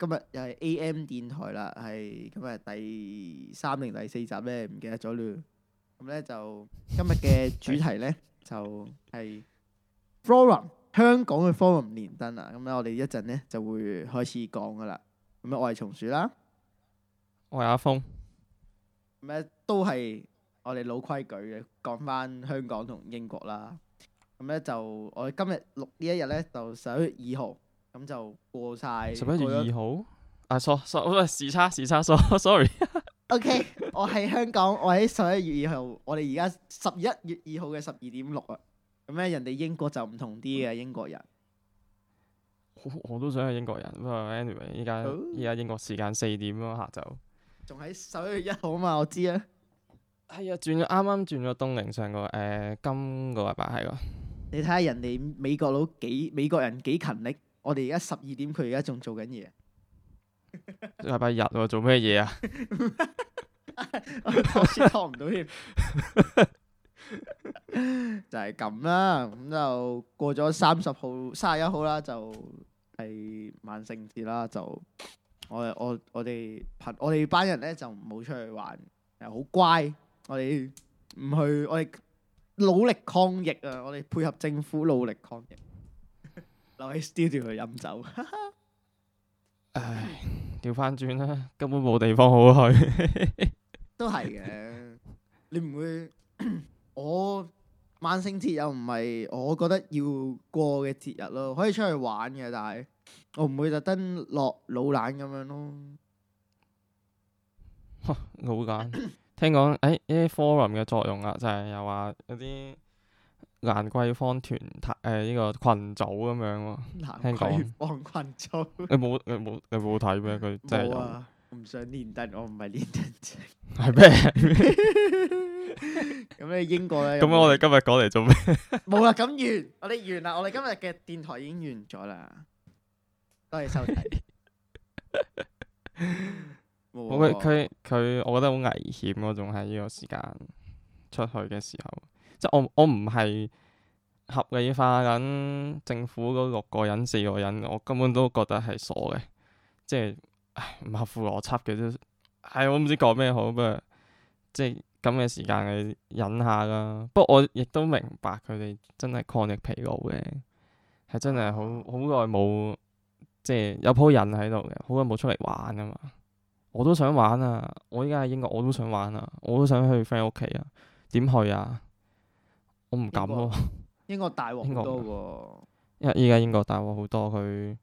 今日又係 A.M. 電台啦，係今日第三定第四集咧，唔記得咗啦。咁咧就今日嘅主題咧就係 Forum 香港嘅 Forum 連登啊。咁咧我哋一陣咧就會開始講噶啦。咁啊，我係松鼠啦，我係阿峯。咁咧都係我哋老規矩嘅講翻香港同英國啦。咁咧就我哋今日錄呢一日咧就十一月二號。咁就過晒十一月二號，啊錯錯唔係時差時差錯，sorry。OK，我喺香港，我喺十一月二號，我哋而家十一月二號嘅十二點六啊。咁咧，人哋英國就唔同啲嘅英國人。我我都想係英國人，咁啊，anyway，依家依家英國時間四點咯下晝。仲喺十一月一號啊嘛，我知啊。係啊，轉咗啱啱轉咗冬令上個誒今個禮拜係咯。你睇下人哋美國佬幾美國人幾勤力。我哋而家十二點，佢而家仲做緊嘢。禮 拜日喎、啊，做咩嘢啊？我先拖唔到添，就係咁啦。咁就過咗三十號、三十一號啦，就係、是、萬聖節啦。就我我我哋朋我哋班人咧就冇出去玩，誒好乖。我哋唔去，我哋努力抗疫啊！我哋配合政府努力抗疫。留喺 studio 度飲酒，哈哈唉，掉返轉啦，根本冇地方好去。 都係嘅，你唔會， 我萬聖節又唔係我覺得要過嘅節日咯，可以出去玩嘅，但係我唔會特登落老蘭咁樣咯。嚇老蘭！聽講誒呢、哎、啲 forum 嘅作用啊，就係、是、又話有啲。蘭桂坊團，誒呢個群組咁樣咯，蘭桂坊群組，你冇你冇你冇睇咩佢，冇啊！唔想練得，我唔係練得，係咩？咁你英國咧？咁我哋今日講嚟做咩？冇啦，咁完，我哋完啦，我哋今日嘅電台已經完咗啦。多謝收睇。冇佢佢佢，我覺得好危險囉。我仲喺呢個時間出去嘅時候。即我我唔係合理化緊政府嗰六個人四個人，我根本都覺得係傻嘅，即係唔合乎邏輯嘅。即係我唔知講咩好，不如即係咁嘅時間去忍下啦。不過我亦都明白佢哋真係抗疫疲勞嘅，係真係好好耐冇即係有鋪人喺度嘅，好耐冇出嚟玩啊嘛。我都想玩啊！我依家喺英國，我都想玩啊！我都想去 friend 屋企啊，點去啊？我唔敢咯。英國， 英國大鑊好多喎，因為依家英國大鑊好多。佢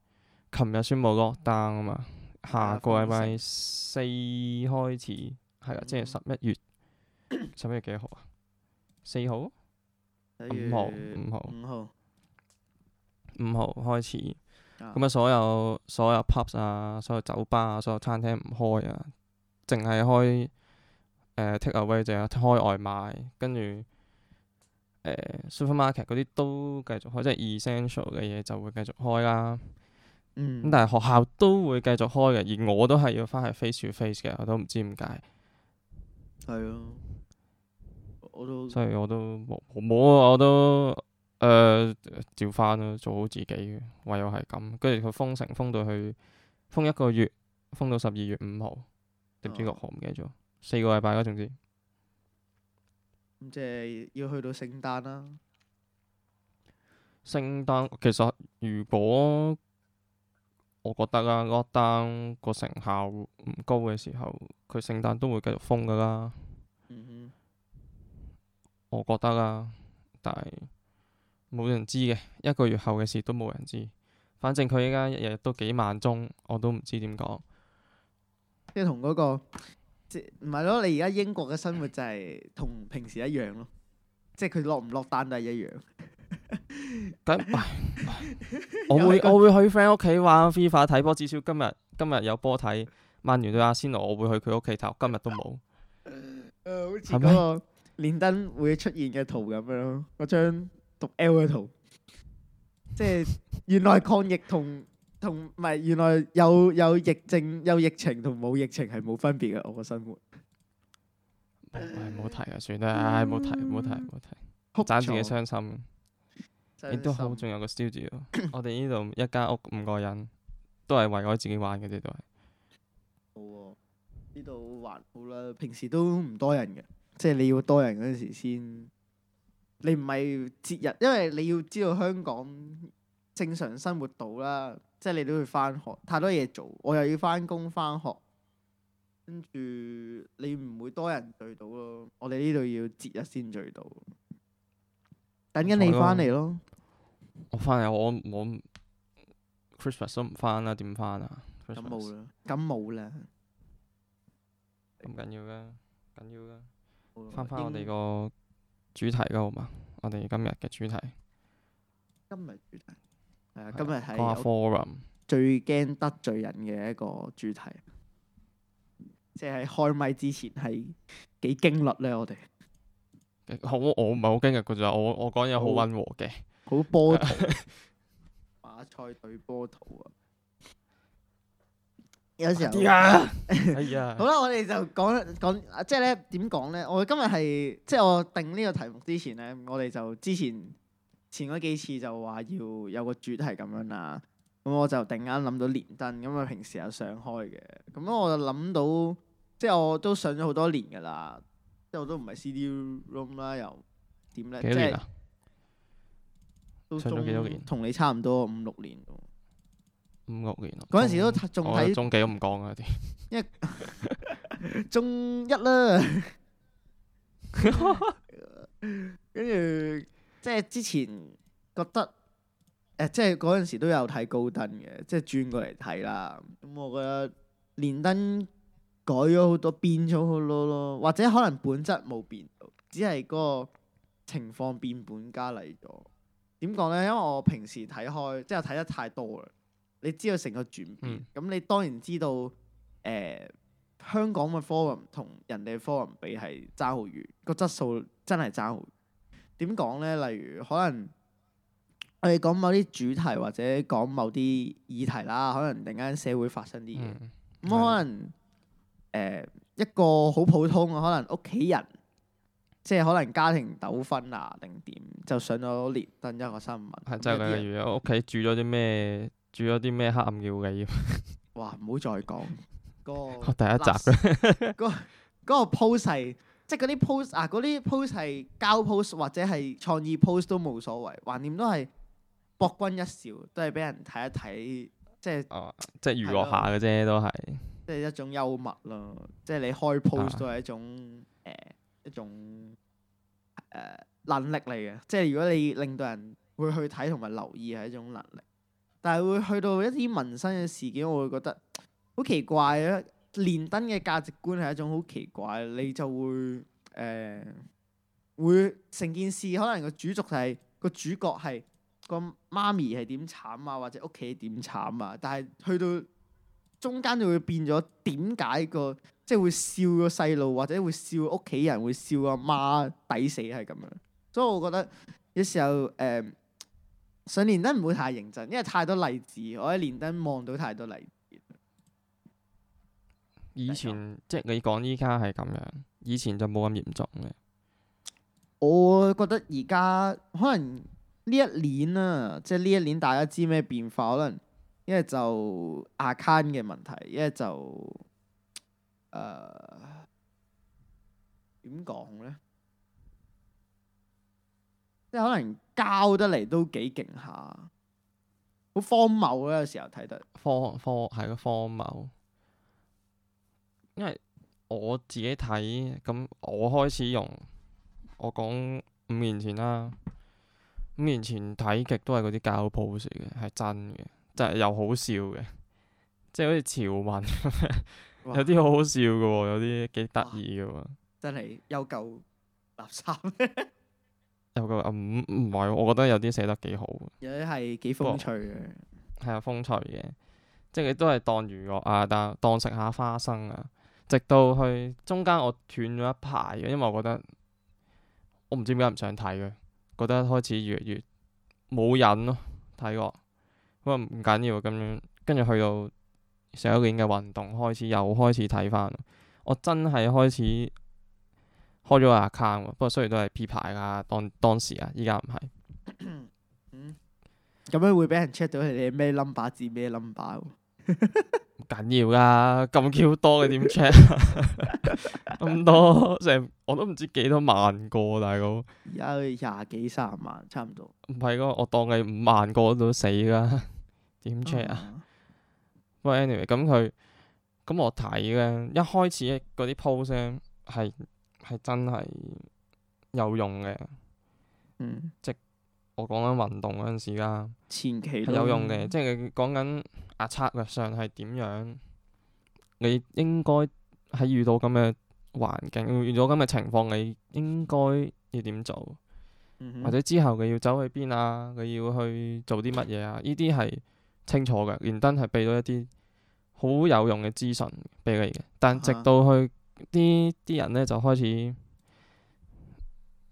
琴日宣布 lockdown 啊嘛，下個禮拜四開始，係啦、嗯，即係十一月，十一 月幾號啊？四號、五號等於、五號、五號日開始。咁啊所，所有所有 pub 啊，所有酒吧啊，所有餐廳唔開啊，淨係開誒、呃、takeaway，淨係開外賣，跟住。Uh, supermarket 嗰啲都繼續開，即係 essential 嘅嘢就會繼續開啦。咁、嗯、但係學校都會繼續開嘅，而我都係要翻去 face to face 嘅，我都唔知點解。係啊，我都，所以我都冇冇啊，我都誒、呃、照翻咯、啊，做好自己嘅，唯有係咁。跟住佢封城封到去封一個月，封到十二月五號，定唔知六號，唔記得咗，四個禮拜啦，總之。即係要去到聖誕啦。聖誕其實如果我覺得啦，嗰單個成效唔高嘅時候，佢聖誕都會繼續封噶啦。嗯哼，我覺得啦，但係冇人知嘅，一個月後嘅事都冇人知。反正佢依家日日都幾萬宗，我都唔知點講。即係同嗰個。即唔係咯？你而家英國嘅生活就係同平時一樣咯。即係佢落唔落單都係一樣。得唔得？ 我會 我會去 friend 屋企玩 FIFA 睇波，至少今日今日有波睇。曼聯對阿仙奴，我會去佢屋企睇。今日都冇 、呃。好似嗰個連登會出現嘅圖咁樣，嗰嗎張讀 L 嘅圖。 即係原來抗疫同。同唔係，原來有有疫症有疫情同冇疫情係冇分別嘅，我個生活唔係，唔好提啊，算啦，唔好提，唔好提，唔好提，盞了自己傷心，亦心、欸、都好，仲有個 studio。 我哋呢度一間屋五個人，都係為咗自己玩嘅啫都係。好喎、哦，呢度還好啦，平時都唔多人嘅，即係你要多人嗰陣時先，你唔係節日，因為你要知道香港正常生活度啦。即係你都要翻學，太多嘢做，我又要翻工翻學，跟住你唔會多人聚到咯。我哋呢度要節日先聚到，等緊你翻嚟咯。我翻嚟，我我，我，我 Christmas 都唔翻啦，點翻啊？感冒啦，咁冇啦，咁緊要嘅，緊要嘅，翻翻的我哋個主題咯，該好嘛？我哋今日嘅主題，今日主題。誒，今日 Forum，最驚得罪人嘅一個主題，即係開咪之前係幾驚率咧？我哋好，我唔係好驚嘅，佢就我我講嘢好溫和嘅，好波， 馬賽對波圖啊！有時候，哎呀、啊， 好啦，我哋就講講，即係咧點講咧？我哋今日係即係我定呢個題目之前咧，我哋就之前。前嗰幾次就話要有個主題咁樣啦，咁我就突然間諗到連登，咁啊平時有上開嘅，咁我就諗到，即係我，我都上咗好多年㗎啦，即我都唔係 CD room 啦，又點咧？幾多年啊？幾多年？同你差唔多五,六年，五六年。五六年啊！嗰時都仲喺，仲幾都唔講啊啲。因為一 中一啦了，跟住。即係之前覺得誒、呃，即係嗰陣時都有睇高登嘅，即係轉過嚟睇啦。咁我覺得連登改咗好多，變咗好多咯。或者可能本質冇變到，只係嗰個情況變本加厲咗。點講咧？因為我平時睇開，即係睇得太多啦。你知道成個轉變，咁、嗯、你當然知道誒、呃、香港嘅 forum 同人哋嘅 forum 比係爭好遠，個質素真係爭好遠。點講咧？例如可能我哋講某啲主題或者講某啲議題啦，可能突然間社會發生啲嘢，咁、嗯、可能誒是的、呃、一個好普通，可能屋企人即係可能家庭糾紛啊，定點就上咗連登一個新聞。即係例如我屋企住咗啲咩，住咗啲咩黑暗料理， 哇！唔好再講、嗰個第一集嗰嗰、 嗰個 post、嗰個即係嗰啲 post 啊，嗰啲 post 係交 post 或者係創意 post 都冇所謂，橫掂都係博君一笑，都係俾人睇一睇，即係、哦、即係娛樂下嘅啫，都係即係一種幽默咯。即係你開 post 都係一種誒、啊呃、一種誒能力嚟嘅。即係如果你令到人會去睇同埋留意係一種能力，但係會去到一啲民生嘅事件，我會覺得好奇怪嘅。連登嘅價值觀係一種好奇怪，你就會誒、呃、會成件事可能個主軸就係個主角係個媽咪係點慘啊，或者屋企點慘啊，但係去到中間就會變咗點解個即係會笑個細路，或者會笑屋企人，會笑阿媽抵死係咁樣，所以我覺得有時候誒、呃、上連登唔會太認真，因為太多例子，我喺連登望到太多例子。以前即係你講依家係咁樣，以前就冇咁嚴重嘅。我覺得而家可能呢一年啊，即係呢一年大家知咩變化？可能一係就 account 嘅問題，一係就誒點講咧？即係可能交得嚟都幾勁下，好荒謬啊！有時候睇得荒荒係咯，荒謬。因為我自己睇咁，我開始用我講五年前啦，五年前睇極都係嗰啲膠 post 嚟嘅，係真嘅，就係又好笑嘅，即係好似潮文 哇有啲好好笑嘅喎，有啲幾得意嘅喎，真係有夠垃圾， 有個啊唔唔係，我覺得有啲寫得幾好，有啲係幾風趣嘅，係啊風趣嘅，即係都係當娛樂啊，但係當食下花生啊。直到去中間我斷咗一排嘅，因為我覺得我唔知點解唔想睇嘅，覺得開始越嚟越冇癮咯睇過不要要，不過唔緊要咁樣，跟住去到上一年嘅運動開始又開始睇翻，我真係開始開咗個 account，不過雖然都係 P 牌㗎，當當時啊，依家唔係。嗯，咁樣會俾人 check 到你咩 number 至咩 number？緊 要噶，咁 Q 多嘅點 check 啊？咁 多成我都唔知幾多萬個大佬，而家廿幾三十萬差唔多。唔係咯，我當你五萬個都死啦，點 check 啊？不過、嗯、anyway，咁佢咁我睇咧，一開始嗰啲 post 咧係係真係有用嘅，嗯、即我講緊運動嗰陣時啦，前期有用嘅，嗯、即係佢講緊。啊，策略上係點樣？你應該喺遇到咁嘅環境，遇到咁嘅情況，你應該要點做？嗯、哼或者之後佢要走去邊啊？佢要去做啲乜嘢啊？呢啲係清楚嘅，連登係俾到一啲好有用嘅資訊俾你嘅。但直到去啲啲、啊、人咧就開始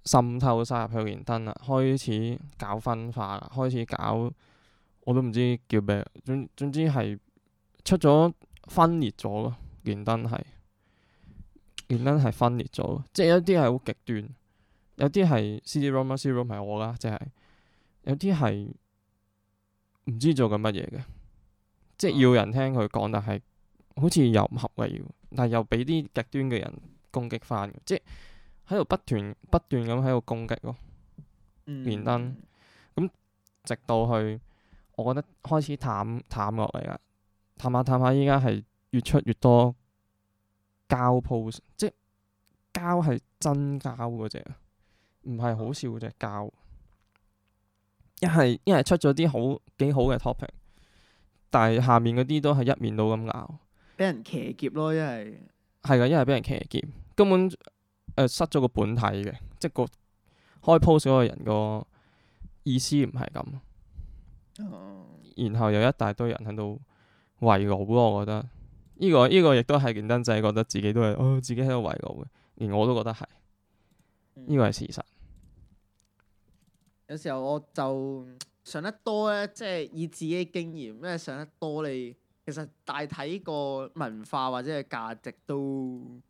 滲透晒入去連登啦，開始搞分化啦，開始搞。我都唔知叫咩，總之係出咗分裂咗咯。連登係，連登係分裂咗，即係有啲係好極端，有啲係 CD-ROM、CD-ROM 係我啦，即係有啲係唔知做緊乜嘢嘅，即係要人聽佢講，但係好似又唔合嘅要，但係又俾啲極端嘅人攻擊翻，即係喺度不斷不斷咁喺度攻擊咯，嗯、連登，咁直到去。我覺得開始淡淡落嚟啦，淡下淡下，依家係越出越多膠 post，即係膠係真膠嗰隻，唔係好笑嗰隻膠。一係一係出咗啲好幾好嘅 topic，但係下面嗰啲都係一面倒咁鬧，俾人騎劫咯，一係係噶，一係俾人騎劫，根本誒、呃、失咗個本體嘅，即係個開 post 嗰個人個意思唔係咁。然後有一大堆人喺度圍爐咯，我覺得呢、這個呢、這個亦都係連登仔覺得自己都係，哦自己喺度圍爐嘅，連我都覺得係，呢、這個係事實、嗯。有時候我就上得多咧，即係以自己經驗，因為上得多你，其實大體個文化或者係價值都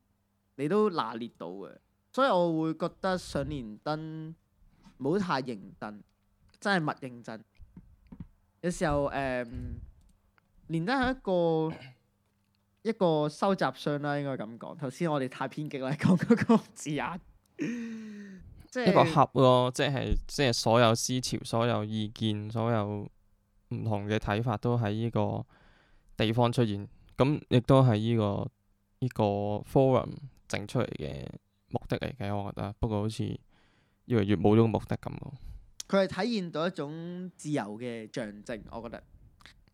你都拿捏到嘅，所以我會覺得上連登唔好太認真，真係勿認真。有時候誒、嗯，連登係一個一個收集箱啦，應該咁講。頭先我哋太偏激啦，講嗰個字啊，即 係、即係、一個盒咯，即係即係所有思潮、所有意見、所有唔同嘅睇法都喺呢個地方出現，咁亦都係呢、呢個呢、呢個 forum 整出嚟嘅目的嚟嘅，我覺得。不過好似越嚟越冇咗個目的咁咯。佢係體現到一種自由嘅象徵，我覺得，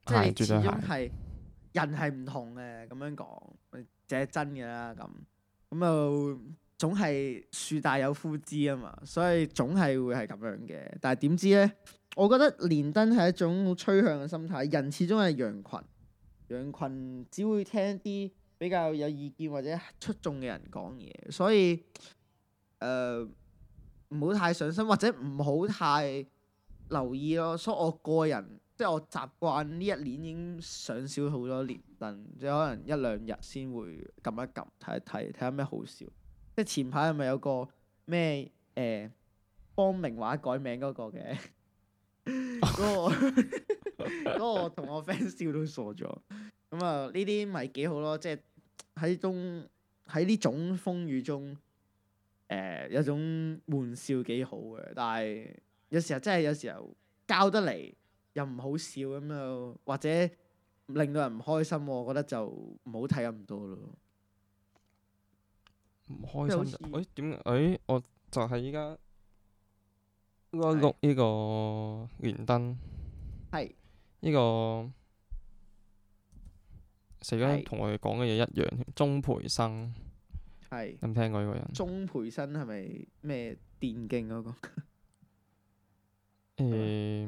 即係始終係人係唔同嘅咁樣講，即係真嘅啦咁，咁又總係樹大有枯枝啊嘛，所以總係會係咁樣嘅。但係點知咧？我覺得連登係一種好趨向嘅心態，人始終係羊群，羊群只會聽一啲比較有意見或者出眾嘅人講嘢，所以誒，呃唔好太上心，或者唔好太留意咯。所以我個人，即係我習慣呢一年已經上少好多年，但即係可能一兩日先會撳一撳睇一睇，睇下咩好笑。即係前排係咪有個咩誒方明華改名嗰個嘅？嗰、 嗰個嗰 個同我 friend 笑到傻咗。咁啊，呢啲咪幾好咯？即係喺中喺呢種風雨中。誒、呃、有種玩笑幾好嘅，但係有時候真係有時候教得嚟又唔好笑咁樣，或者令到人唔開心，我覺得就唔好睇咁多咯。唔開心？誒點？誒、欸欸、我就係依家開錄依個連登。係的。呢、這個死啦，同我哋講嘅嘢一樣，鍾培生。係有冇聽過呢個人？鍾培生係咪咩電競嗰、那個？誒、 欸，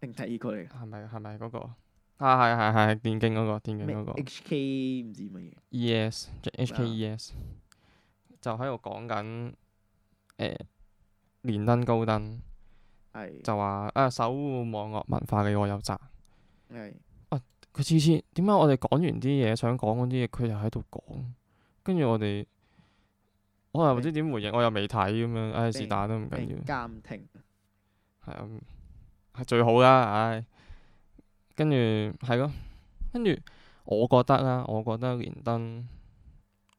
定第二個嚟，係咪係咪嗰個啊？係係係電競嗰、那個電競嗰、那個 H.K. 唔知乜嘢、yes, E.S. 即 H.K.E.S. 麼就喺度講緊誒，連、欸、登高登係的就話啊，守護網絡文化嘅我有責係的啊，佢次次點解我哋講完啲嘢想講嗰啲嘢，佢就喺度講？跟住我哋，嗯、我又唔知點回應，我又未睇咁樣，唉，是但都唔緊要。暫停。係啊，係最好啦。唉。跟住係咯，跟住我覺得啦，我覺得連登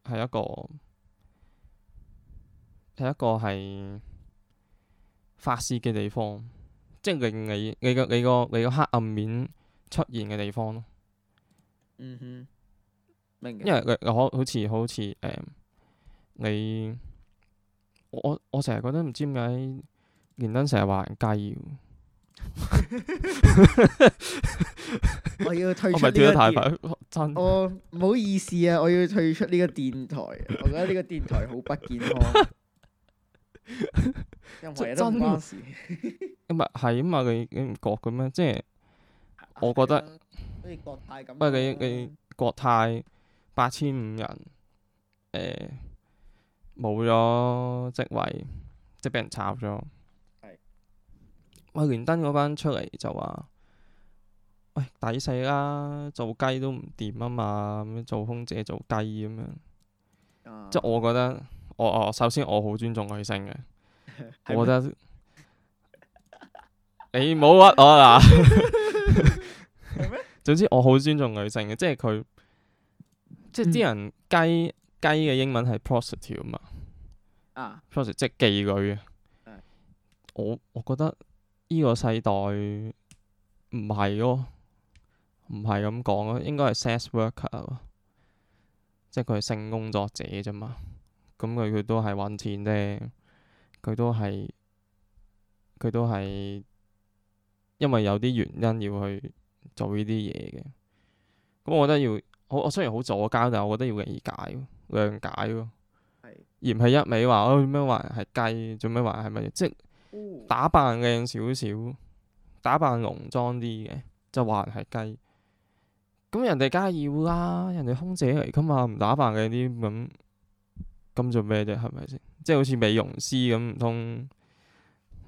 係一個係一個係發泄嘅地方，即係你你你個你個你個黑暗面出現嘅地方咯。嗯哼。因為佢好好似好似誒、嗯，你我我成日覺得唔知點解連登成日話人介意， 我要退出、呢個、跳得太快，啊、真的我唔好意思啊！我要退出呢個電台， 我覺得呢個電台好不健康，因 何真都唔關事。咁 啊係啊嘛，佢佢唔覺嘅咩？即係我覺得，不過、啊、國泰咁，不過你你，你國泰。八千五人，誒、呃，冇咗職位，即係俾人炒咗。係是，喂，連登嗰班出嚟就話，喂，抵死啦，做雞都唔掂啊嘛，咁做空姐做雞咁樣。啊、即係我覺得，我我首先我好尊重女性嘅， 我覺得，嗎你唔好屈我啦。 嗎總之我好尊重女性嘅，即係佢。即係啲人雞雞嘅英文係 prostitute 啊嘛，啊，prostitute 即係妓女啊。嗯、我我覺得呢個世代唔係咯，唔係咁講咯，應該係 sex worker，啊。即係佢係性工作者咋嘛。咁佢佢都係揾錢啫，佢都係佢都係因為有啲原因要去做呢啲嘢嘅。咁我覺得要。我我雖然好阻交，但係我覺得要理解，諒解咯。而唔係一味話，做咩話人係雞？做咩話人係乜即、哦、打扮靚少少，打扮濃妝啲嘅就話人係雞。咁人哋梗係要啦，人哋空姐嚟噶嘛，唔打扮嘅啲咁咁做咩啫？係咪先？即好似美容師咁，唔通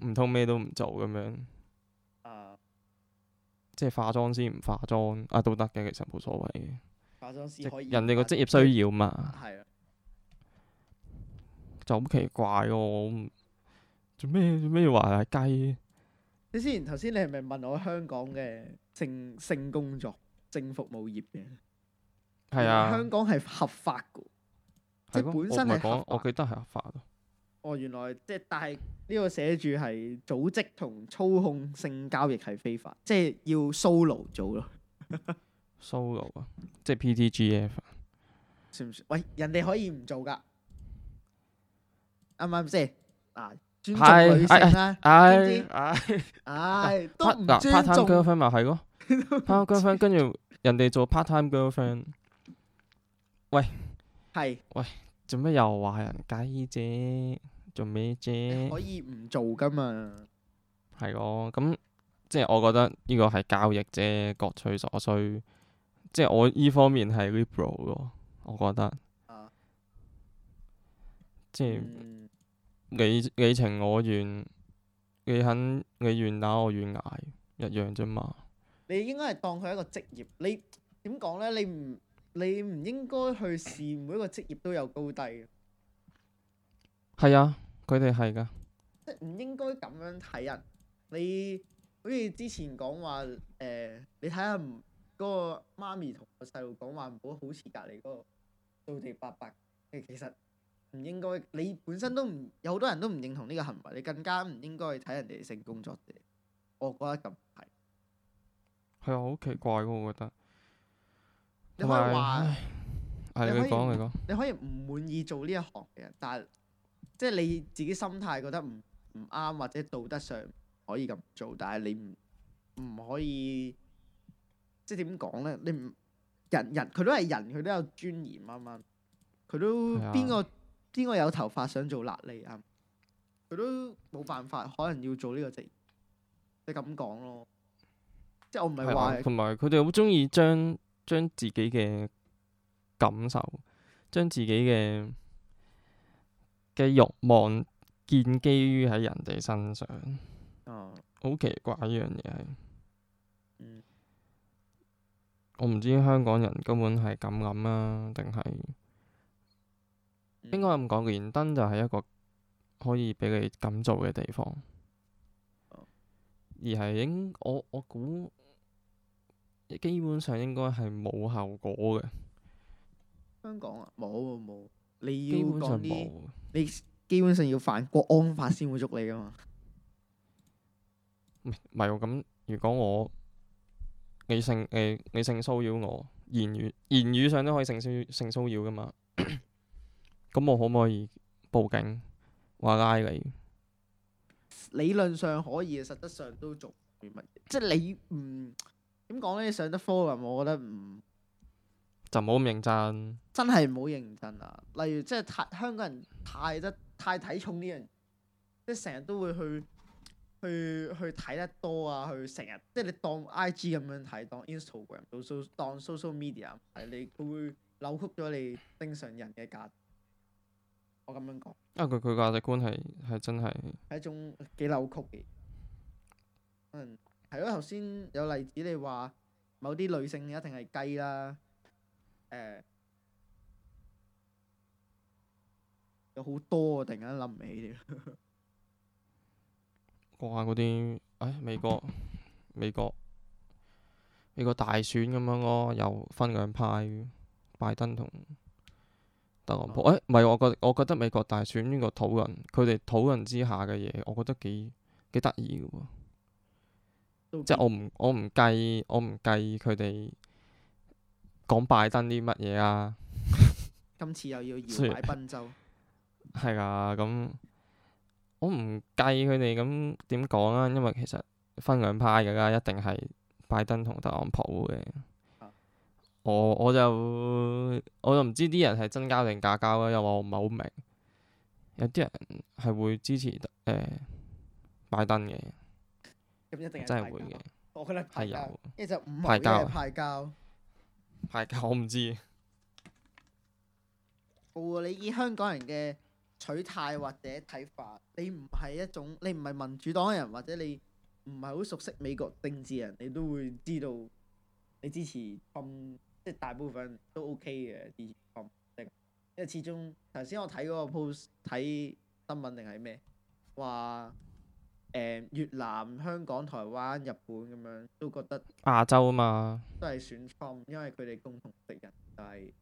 唔通咩都唔做咁樣啊？啊，即係化妝師唔化妝啊，都得嘅，其實冇所謂嘅。人哋個職業需要嘛，係啊，啊就好奇怪哦、啊。做咩做咩要話係雞？雞？你先頭先，你係咪問我香港嘅性性工作、性服務業嘅？係啊，香港係合法嘅，係、啊、本身係。我記得係合法咯。哦，原來即係，但係呢個寫住係組織同操控性交易係非法，即係要 solo 做咯。 Solo 啊，即係 PTGF，算唔算？喂，人哋可以唔做噶，啱唔啱先？嗱、嗯嗯，尊重女性啦、啊，點、哎、知，知？唉、哎哎哎，都唔尊重 girlfriend 咪係咯？girlfriend 跟住人哋做 part-time girlfriend，喂，係，喂，做咩是又話人介意啫？做咩啫？可以唔做噶嘛？係咯、哎，咁即係我覺得呢個係交易啫，各取所需。即係我依方面係 liberal 咯，我覺得，啊、即係、嗯、你你情我願，你肯你願打我願捱一樣啫嘛。你應該係當佢一個職業，你點講咧？你唔你唔應該去視每一個職業都有高低嘅。係啊，佢哋係㗎。即唔應該咁樣睇人。你好似之前講話誒、呃，你睇下。唔？嗰個媽咪同個細路講話唔好好似隔離嗰個倒地八百，其其實唔應該。你本身都唔有好多人都唔認同呢個行為，你更加唔應該去睇人哋性工作者。我覺得咁係。係啊，好奇怪嘅我覺得。你你可以話，係你講你講。你可以唔滿意做呢一行嘅，但係即係你自己心態覺得唔唔啱，或者道德上唔可以咁做，但係你唔唔可以。即點講咧？你唔人人佢都係人，佢都，都有尊嚴啊嘛！佢、嗯、都邊的個邊個有頭髮想做癩痢啊？佢、嗯、都冇辦法，可能要做呢、這個職業。你咁講咯，即我唔係話同埋佢哋好中意將將自己嘅感受、將自己嘅嘅慾望建基於喺人哋身上。哦、嗯，好奇怪呢樣嘢係。嗯。我唔知香港人根本係咁諗啦，定係、嗯、應該咁講？連登就係一個可以俾你咁做嘅地方，哦、而係應我我估基本上應該係冇效果嘅。香港啊，冇冇，你要講啲你基本上要犯國安法先會捉你㗎嘛？唔係喎，咁如果我你性誒女性騷擾我，言語言語上都可以性騷性騷擾噶嘛？咁咳咳我可唔可以報警話街你？理論上可以，實質上都仲唔乜，即係你唔點講咧？上得科嘅，我覺得唔就冇咁認真，真係好認真啦。例如即係太香港人太得太睇重呢樣，即係成日都會去。去去睇得多啊，去成日即係你當 I G 咁樣睇，當 Instagram，當 social social media 睇你，你會扭曲咗你正常人嘅價值。我咁樣講。啊，佢佢價值觀係係真係係一種幾扭曲嘅。嗯，係咯，頭先有例子你話某啲女性一定係雞啦，誒、呃，有好多啊！突然間諗唔起 下嗰啲，唉、哎，美國美國美國大選咁樣咯，又分兩派，拜登同特朗普。唉、嗯，唔係、哎、我覺，我覺得美國大選呢個討論，佢哋討論之下嘅嘢，我覺得幾幾得意嘅喎。嗯、即係我唔我唔計我唔計佢哋講拜登啲乜嘢啊。 今次又要搖擺賓州。係啊，咁。我唔介意佢哋咁點講啊，因為其實分兩派噶啦，一定係拜登同特朗普嘅、啊。我就我就我就唔知啲人係真交定假交啦，又話我唔係好明。有啲人係會支持誒、呃、拜登嘅，真係會嘅。我係有，即係就唔係會派交。派交，我唔知。哦，你以香港人嘅取態或者睇法，你唔係一種，你唔係民主黨嘅人，或者你唔係好熟悉美國政治人，你都會知道你支持 con 即係大部分都 OK 嘅支持 con，因為始終頭先我睇嗰個 post 睇新聞定係咩，話誒、呃、越南、香港、台灣、日本咁樣都覺得亞洲啊嘛，都係選 con 因為佢哋共同敵人就係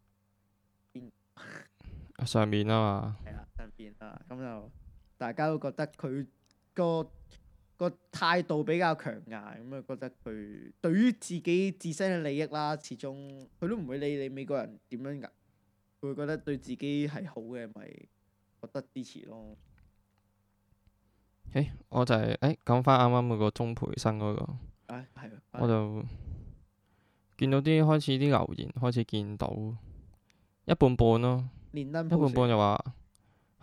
邊？ 上面啊嘛，係啊，上面啊，咁就大家都覺得佢、那個個態度比較強硬，咁啊覺得佢對於自己自身嘅利益啦，始終佢都唔會理你美國人點樣噶，會覺得對自己係好嘅，咪、就是、覺得支持咯。誒、欸，我就係、是、誒，講翻啱啱嗰個鍾培生嗰、那個，我就見到啲開始啲留言，開始見到一半半咯。一半半又話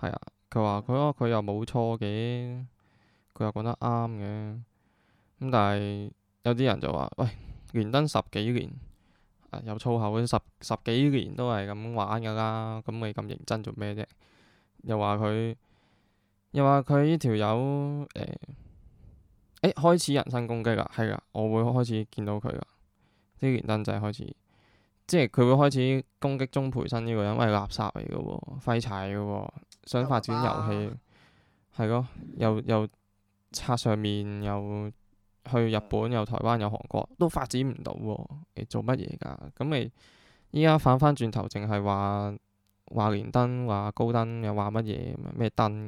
係啊，佢話佢咯，佢、哦、又冇錯嘅，佢又講得啱嘅。咁但係有啲人就話喂，連登十幾年啊，有粗口嗰啲十十幾年都係咁玩噶啦，咁、啊、你咁認真做咩啫？又話佢，又話佢呢條友誒，誒、呃欸、開始人身攻擊噶，係啊，我會開始見到佢噶，啲連登仔開始。即係佢會開始攻擊鍾培生呢個人，因為垃圾嚟嘅喎，廢柴嘅喎，想發展遊戲，係咯、啊，又又拆上面，又去日本，又台灣，又韓國，都發展唔到喎。你、欸、做乜嘢㗎？咁你依家反翻轉頭，淨係話華連登、話高登，又話乜嘢咩登？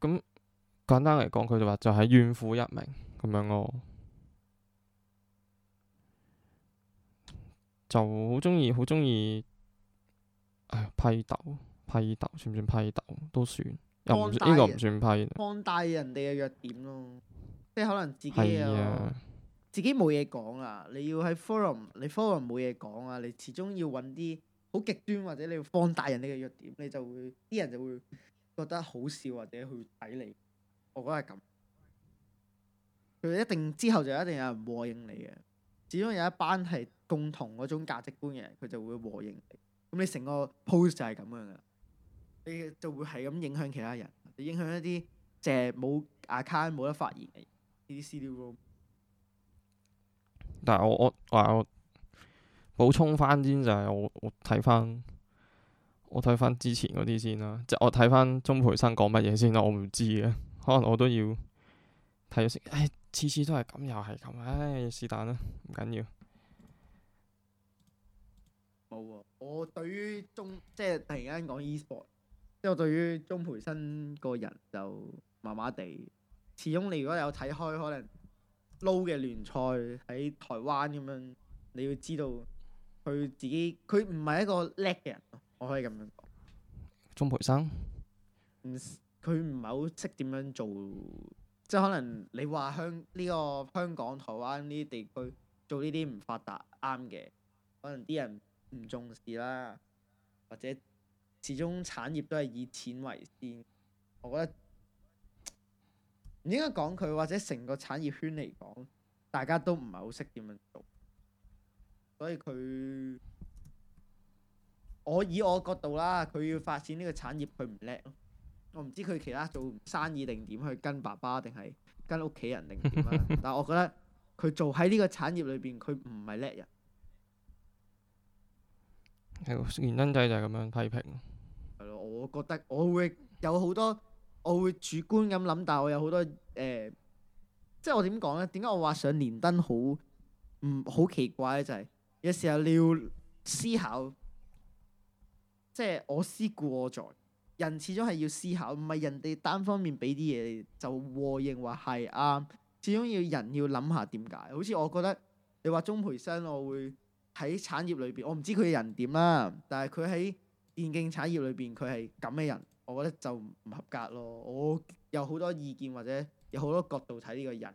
咁簡單嚟講，佢就話就係怨婦一名咁樣咯。就好中意，好中意唉，批鬥，批鬥算唔算批鬥？都算，又唔算。呢個唔算批鬥。放大人哋嘅弱點咯，即係可能自己又、啊、自己冇嘢講啊！你要喺 forum，你 forum 冇嘢講啊！你始終要揾啲好極端或者你要放大人哋嘅弱點，你就會啲人就會覺得好笑或者去睇你。我覺得係咁，佢一定之後就一定有人和應你嘅。始終有一班係共同嗰種價值觀嘅人，佢就會和應。咁你成個 post 就係咁樣噶啦，你就會係咁影響其他人，你影響一啲淨係冇 account 冇得發言嘅人呢啲 C-level。CD room 但係我我話我，我，我補充翻先就係、係、我我睇翻我睇翻之前嗰啲先啦，即係我睇翻鍾培生講乜嘢先啦，我唔知嘅，可能我都要睇咗先。唉次次都係咁，又係咁，唉，是但啦，唔緊要。冇喎，啊，我對於中即係突然間講 e-sport，即係我對於鍾培生個人就麻麻地。始終你如果有睇開可能 low 嘅聯賽喺台灣咁樣，你要知道佢自己佢唔係一個叻嘅人，我可以咁樣講。鍾培生？唔，佢唔係好識點樣做。即係可能你話香呢個香港、台灣呢啲地區做呢啲唔發達啱嘅，可能啲人唔重視啦，或者始終產業都係以錢為先，我覺得唔應該講佢，或者成個產業圈嚟講，大家都唔係好識點樣做，所以佢我以我角度啦，佢要發展呢個產業，佢唔叻咯。我唔知佢其他做生意定點去跟爸爸定係跟屋企人定點啦。樣 但係我覺得佢做喺呢個產業裏邊，佢唔係叻人。連登仔就係咁樣批評。係咯，我覺得我會有好多，我會主觀咁諗，但係我有好多誒、呃，即係我點講咧？點解我話上連登好唔好奇怪咧？就係、是、有時候你要思考，即係我思故我在。人始終係要思考，唔係人哋單方面俾啲嘢你就和應話係啱。始終要人要諗下點解。好似我覺得你話鍾培生我，我會喺產業裏邊，我唔知佢人點啦，但係佢喺電競產業裏邊佢係咁嘅人，我覺得就唔合格咯。我有好多意見或者有好多角度睇呢個人。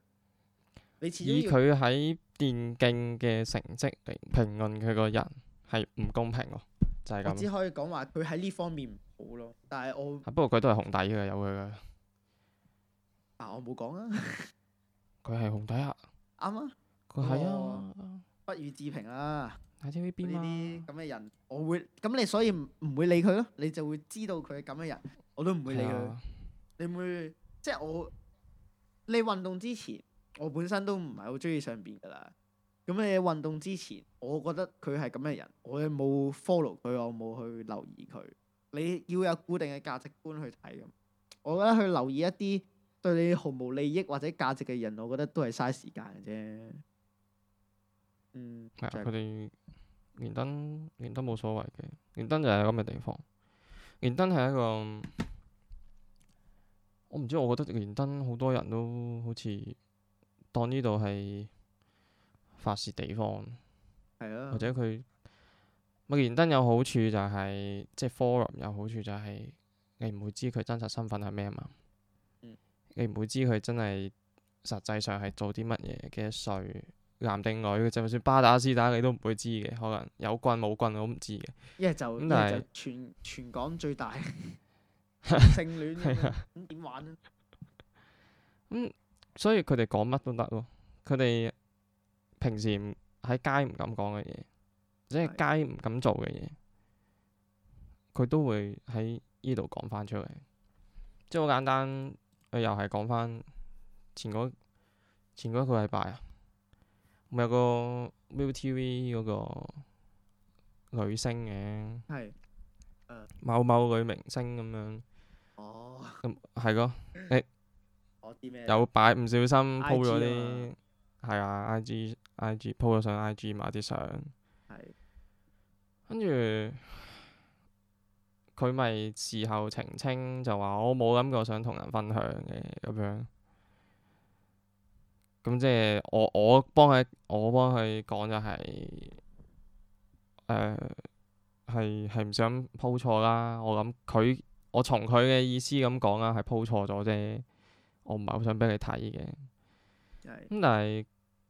你始終以佢喺電競嘅成績嚟評論佢個人係唔公平喎，就係咁。只可以講話佢喺呢方面。好咯，但係我不過佢都係紅底嘅，有佢嘅。啊，我冇講 啊，佢係紅底黑，啱啊，佢係啊，不予置評啊，睇 T V 呢啲咁嘅人，我會咁你所以唔唔會理佢咯，你就會知道佢係咁嘅人，我都唔會理佢。啊。你會即係我你運動之前，我本身都唔係好中意上邊噶啦。咁你喺運動之前，我覺得佢係咁嘅人，我冇 follow 佢，我冇去留意佢。你要有固定嘅價值觀去睇。我覺得去留意一啲對你毫無利益或者價值嘅人，我覺得都係嘥時間嘅啫。嗯，係啊，佢哋連登連登，冇所謂嘅，連登就係咁嘅地方。連登係一個，我唔知，我覺得連登好多人都好似當呢度係發泄地方，的或者佢。麥連登有好處就係、是，即係 forum 有好處就係、是，你唔會知佢真實身份係咩啊嘛，嗯、你唔會知佢真係實際上係做啲乜嘢，幾多歲，男定女就算巴打斯打你都唔會知嘅，可能有棍冇棍，我都唔知嘅。一是就咁就全全港最大性戀，咁點 玩咧？咁、嗯、所以佢哋講乜都得咯，佢哋平時喺街唔敢講嘅嘢。即係街唔敢做嘅嘢，佢的都會喺呢度講翻出嚟，即係好簡單。誒、呃，又係講翻前嗰前嗰一個禮拜啊，咪有個 ViuTV 嗰個女星嘅，呃、某某女明星咁樣哦，咁係咯，你有擺唔小心 po 咗啲係啊 I G I G po 咗上 I G 買啲相。跟住佢咪事後澄清就話：我冇諗過想同人分享嘅咁樣。咁即係我我幫佢，我幫佢講就係誒，係係唔想鋪錯啦。我諗佢，我從佢嘅意思咁講啦，係鋪錯咗啫。我唔係好想俾佢睇嘅。咁對但係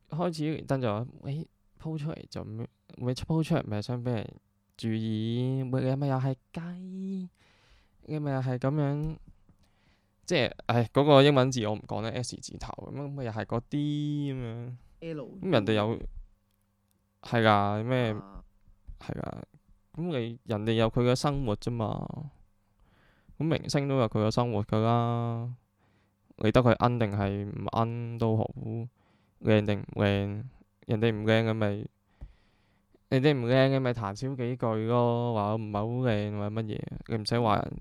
開始跟住話：誒鋪出嚟就咩？咪鋪出嚟咪係想俾人，注意，每日咪又係雞，咪又係咁樣，即係唉，嗰、哎嗰個英文字我唔講咧 S 字頭咁樣，咪又係嗰啲咁樣。咁老人哋有係㗎咩？係㗎，咁你人哋有佢嘅生活啫嘛。咁明星都有佢嘅生活㗎啦。理得佢奀定係唔奀都好，靚定唔靚人哋唔靚嘅咪。你哋唔靚嘅咪彈少幾句咯，話我唔係好靚，話乜嘢？你唔使話人，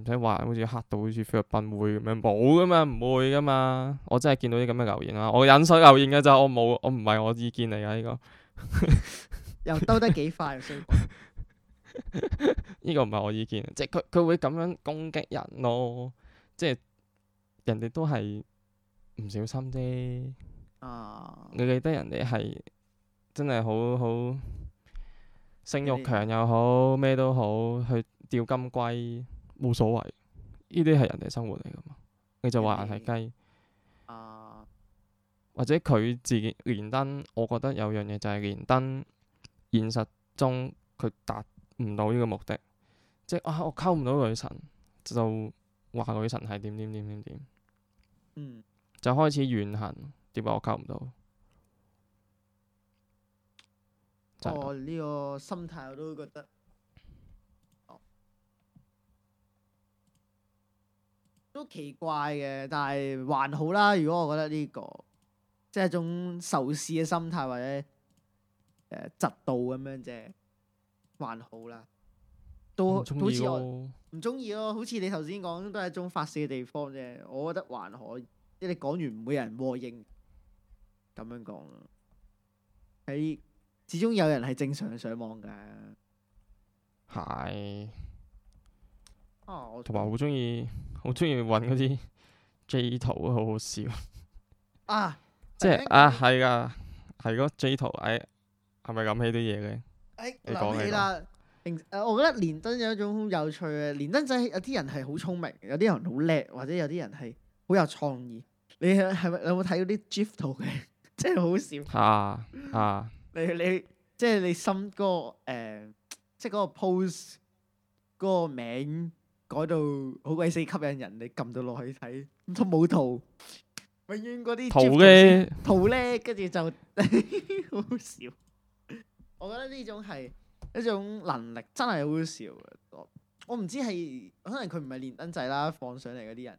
唔使話人，好似黑到好似菲律賓會咁樣冇噶嘛？唔會噶嘛？我真係見到啲咁嘅留言啊！我引水留言嘅咋，我冇，我唔係我意見嚟噶，呢個， 又兜得幾快呢 個唔係我意見，即係佢佢會咁樣攻擊人咯、哦，即係人哋都係唔小心啫。啊，你記得人哋係？真係好好性欲強又好咩都好，去釣金龜冇所謂，呢啲係人哋生活嚟噶嘛？你就話人係雞啊？Uh, 或者佢自己連登。我覺得有樣嘢就係連登，現實中佢達唔到呢個目的，即係啊我溝唔到女神，就話女神係點點點點點，嗯、就開始怨恨點解我溝唔到。我呢、哦，這個心態我都覺得、哦，都奇怪嘅，但係還好啦。如果我覺得呢、這個即係、就是、一種仇視嘅心態或者誒窒到咁樣啫，還好啦。都好似我唔中意咯，好似你頭先講都係一種發泄嘅地方啫。我覺得還可以，即係你講完唔會有人和應咁樣講喺～始終有人係正常上網㗎，係哦，同埋好中意好中意揾嗰啲 J 圖，好好笑， 啊！即係啊，係噶，係個 J 圖。誒、哎，係咪諗起啲嘢嘅？誒、哎，諗起啦。我覺得連登有一種好有趣嘅連登仔。有啲人係好聰明，有啲人好叻，或者有啲人係好有創意。你係咪有冇睇嗰啲 GIF 圖嘅？即係好好笑啊啊！啊啊你你即係你心嗰個誒，即係嗰個 post 嗰個名改到好鬼死吸引人，你撳到落去睇，唔通冇圖？永遠嗰啲圖咧的，圖叻，跟住就好 好笑。 我覺得呢種係一種能力，真係好好笑。我唔知係可能佢唔係連登仔啦，放上嚟嗰啲人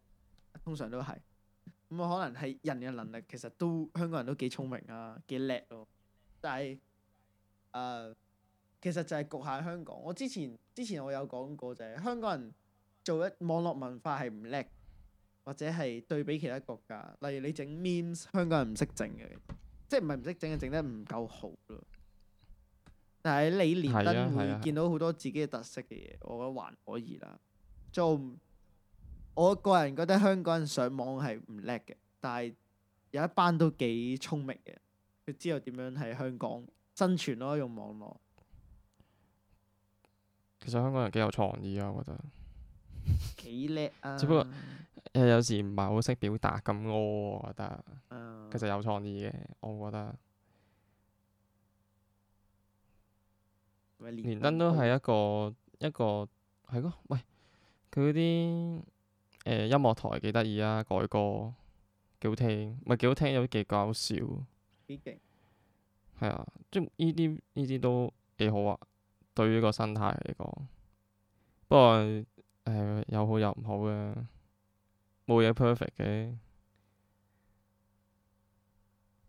通常都係。咁啊，可能係人嘅能力，其實都香港人都幾聰明啊，幾叻咯、啊。但係誒、呃，其實就係局限香港。我之前之前我有講過，就係香港人做一網絡文化係唔叻，或者係對比其他國家，例如你整 memes，香港人唔識整嘅，即係唔係唔識整，係整得唔夠好咯。但係你李連登會見到好多自己嘅特色嘅嘢，啊啊啊、我覺得還可以啦。做我個人覺得香港人上網係唔叻嘅，但係有一班都幾聰明嘅。佢知道點樣喺香港生存咯，用網絡。其實香港人幾有創意啊，我覺得幾叻啊。 只不過有時唔係好識表達咁咯，我覺得其實有創意嘅，我覺得、啊、連登都係一個一個係咯。喂，佢嗰啲誒音樂台幾得意啊，改歌幾好聽，唔係幾好聽又幾搞笑。係啊，即係呢啲呢啲都幾好啊，對於個生態嚟講。不過誒、呃，有好有唔好嘅，冇嘢 perfect 嘅。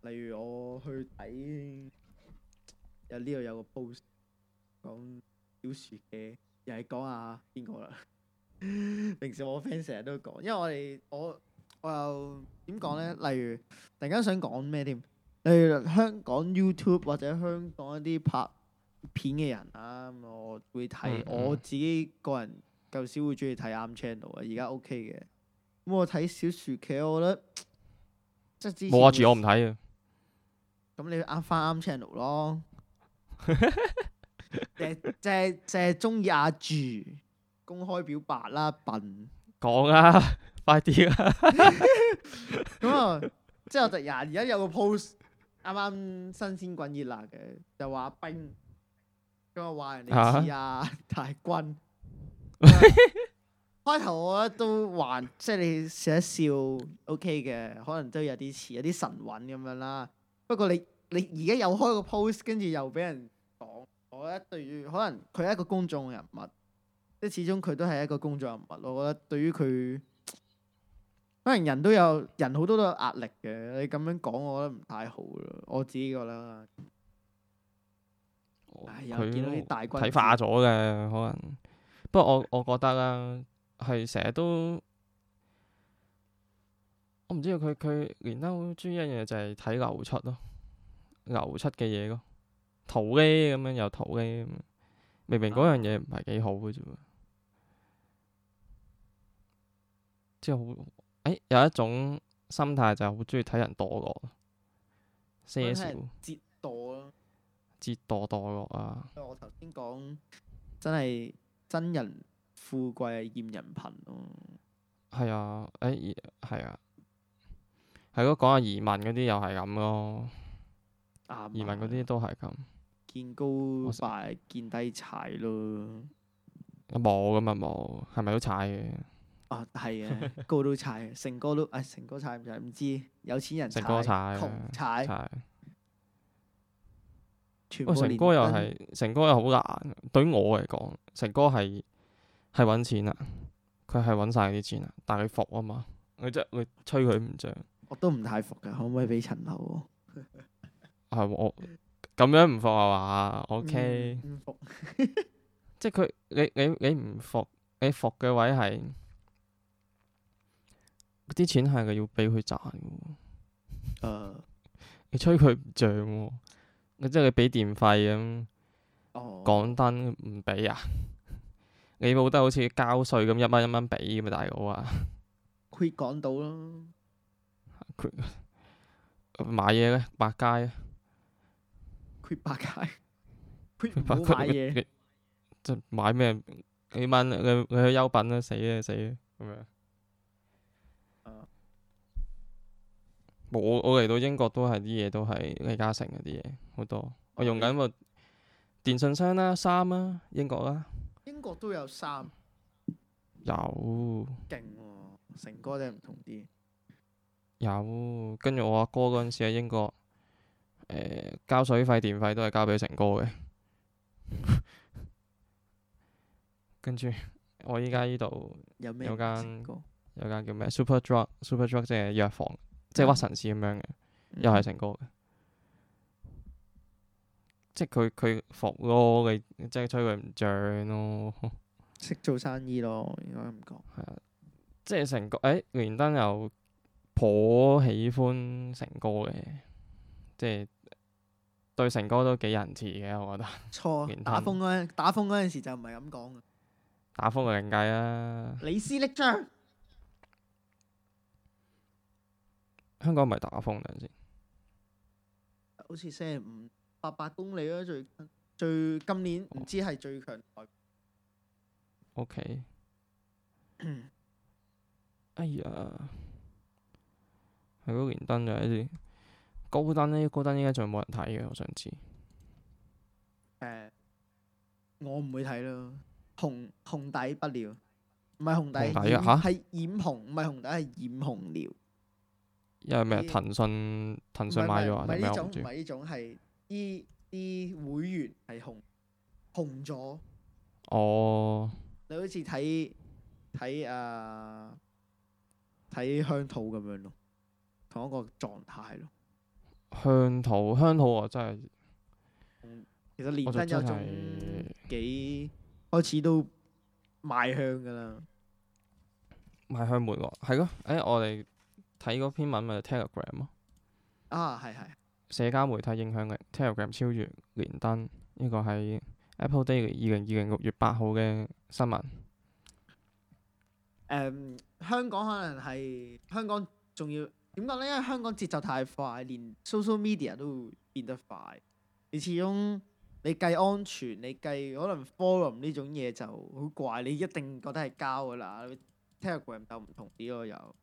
例如我去睇，有呢度有個 post 講小樹嘅，又係講下邊個啦。 平時我 friend 成日都講，因為我哋我我又點講咧？例如突然間想講咩添？例如香港 YouTube 或者香港一啲拍片嘅人啊，我會睇、嗯嗯、我自己個人舊時會中意睇啱 channel 啊，而家 OK 嘅。咁我睇小説劇，我覺得即係之前冇阿住我唔睇啊。咁你啱翻啱 channel 咯？就就就係中意阿住公開表白啦，笨講啊，快啲啊！咁 啊，即係我突然而家有個 post 啱啱新鮮滾熱辣嘅就話阿冰，咁啊話人哋似啊大軍。說 開頭我覺得都還即係你笑一笑 OK 嘅，可能都有啲似有啲神韻咁樣啦。不過你你而家又開個 post 跟住又俾人講，我覺得對於可能佢係一個公眾人物，即係始終佢都係一個公眾人物，我覺得對於佢。可能人都有，人好多都有壓力嘅。你咁樣講， 我覺得唔太好咯。我知個啦。唉，佢見到啲大軍睇化咗嘅可能。不過我我覺得啦，係成日都我唔知道佢佢連得好中意一樣嘢就係睇流出咯，流出嘅嘢咯，逃呢咁樣又逃呢咁樣，明明嗰樣嘢唔係幾好嘅啫喎，啊、即係好。誒，有一種心態就係好中意睇人墮落，些少折墮咯，折墮墮落啊！哎、我頭先講真係憎人富貴係厭人貧、啊啊哎啊啊、咯，係啊，誒，係啊，係咯，講下移民嗰啲又係咁咯，移民嗰啲都係咁，見高拜見低踩咯，冇噶、啊、嘛冇，係咪都踩嘅？啊，係嘅，高到柴，成哥都啊、哎，成哥柴唔柴唔知。有錢人柴，窮柴。成哥又係成哥又好難。對於我嚟講，成哥係係揾錢啊，佢係揾晒啲錢啊，但係佢服啊嘛，佢即係佢吹佢唔漲。我都唔太服㗎，可唔可以俾陳劉？係我咁樣唔服啊嘛。O K，唔服， 即係佢你你你唔服，你服嘅位係。啲錢係咪要俾佢賺嘅？誒，你吹佢唔漲喎，你即係你俾電費咁，港燈唔俾啊？你冇得好似交稅咁一蚊一蚊俾咁啊？大佬啊，佢講到咯，佢買嘢咧，百佳啊，佢百佳，佢唔好買嘢，即係買咩？幾蚊？佢佢去優品啊，死啦死咁樣。我我嚟到英國都係啲嘢都係李嘉誠嗰啲嘢，好多。Okay. 我用緊個電信商啦、啊，三啦、啊，英國啦、啊。英國都有三。有。勁、啊、成哥真係唔同啲。有，跟住我阿哥嗰陣時喺英國，誒、呃、交水費電費都係交俾成哥嘅。 跟住我依家呢度哥有咩？有間有間叫咩？Superdrug，Superdrug 即係藥房。即屈臣氏咁樣嘅，又係成哥嘅，嗯、即佢佢服咯，你即吹佢唔脹咯，識做生意咯，應該唔講。係啊，即成哥，誒，連登又頗喜歡成哥嘅，即對成哥都幾仁慈嘅，我覺得。錯，打風嗰陣，打風嗰陣時就唔係咁講嘅。打風就另計啦！李斯力張。香港唔係打風嚟先，好似星期五八百公里咯，最最今年唔知係最強台。O K，哎呀，係嗰連登嘅啲高登咧，高登應該仲有冇人睇嘅，我想知。誒，我唔會睇咯，紅紅底不了，唔係紅底，係染紅，唔係紅底，係染紅了。因為咩？騰訊騰訊買咗啊？唔係呢種，唔係呢種，係依啲會員係紅紅咗。哦，你好似睇睇啊睇香土咁樣咯，同一個狀態咯。香土香土啊，真係、嗯，其實年翻有種幾開始都賣香噶啦，賣香門喎，係咯，誒我哋。睇嗰篇文咪 Telegram 咯，啊係係，是是社交媒體影響力 Telegram 超越連登，呢，這個喺 Apple Daily 二零二零六月八號嘅新聞。誒、嗯，香港可能係香港仲要點講咧？因為香港節奏太快，連 social media 都會變得快。始終你始終你計安全，你計可能 forum 呢種嘢就好怪，你一定覺得係交噶啦。Telegram 就唔同啲咯又。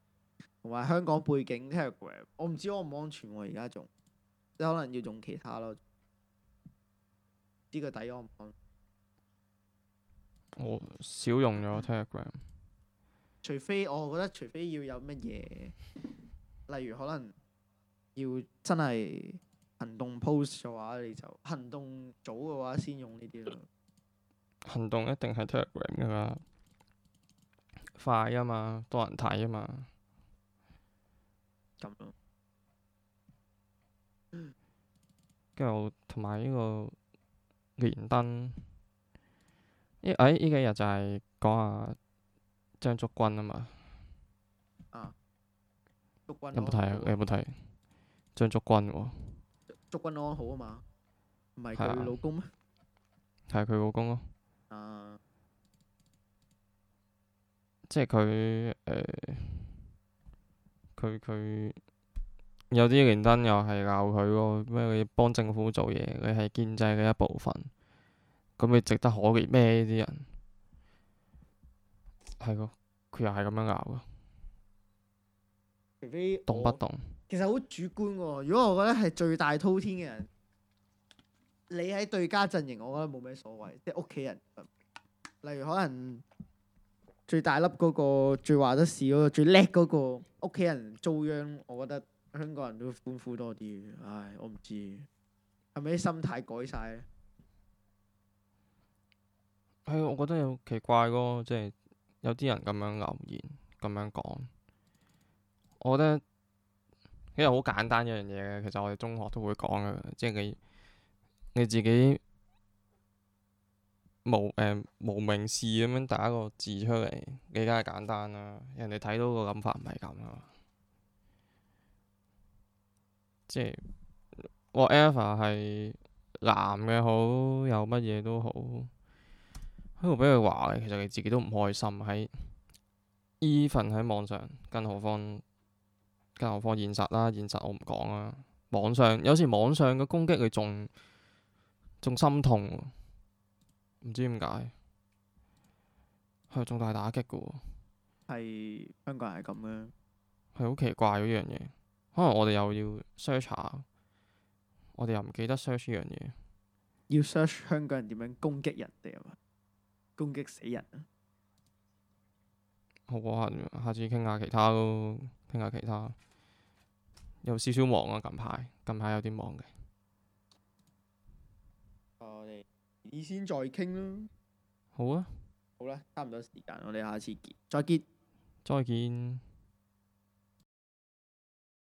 同埋香港背景 Telegram，、嗯、我唔知安唔安全喎、啊。而家仲即可能要用其他咯，呢個底安唔安？我、哦、少用咗 Telegram，、嗯、除非我覺得除非要有乜嘢，例如可能要真係行動 post 嘅話，你就行動組嘅話先用呢啲咯。行動一定係 Telegram 噶啦，快啊嘛，多人睇啊嘛。跟住同埋呢個連登，依誒、哎、幾日就係講下張竹君啊嘛，啊竹君有冇睇啊？有冇睇張竹君喎？竹君安好啊嘛，唔係佢老公咩？係佢，啊、老公咯、啊。啊、即係佢佢佢有啲連登又係鬧佢喎，咩佢幫政府做嘢，佢係建制嘅一部分，咁佢值得可憐咩？呢啲人係個，佢又係咁樣鬧嘅，非非動不動。其實好主觀喎，如果我覺得係最大滔天嘅人，你喺對家陣營，我覺得冇咩所謂，即係屋企人，例如可能。最大粒嗰個，最話得事嗰個，最叻嗰個，屋企人遭殃，我覺得香港人都會歡呼多啲。唉，我唔知係咪啲心態改晒咧？係，我覺得有奇怪咯，即係有啲人咁樣留言咁樣講，我覺得因為好簡單一樣嘢，其實我哋中學都會講嘅，即係你你自己。無誒、呃、無名氏咁樣打個字出嚟，你梗係簡單啦、啊。人哋睇到個諗法唔係咁啊，即係 whatever 係男嘅好，有乜嘢都好，喺度俾佢話，其實你自己都唔開心喺 even 喺網上，更何況更何況現實啦、啊，現實我唔講啊。網上有時網上嘅攻擊佢仲仲心痛、啊。唔知點解，係重大打擊噶、哦。係香港人係咁樣，係好奇怪嗰樣嘢。可能我哋又要 search 下，我哋又唔記得 search 呢樣嘢。要 search 香港人點樣攻擊人哋啊？嘛，攻擊死人啊？好啊，下次傾下其他咯，傾下其他。有少少忙啊，近排近排有啲忙嘅。我哋、oh,。你先再傾啦，好啊吧，好啦，差唔多時間，我哋下次見，再見，再見。再見。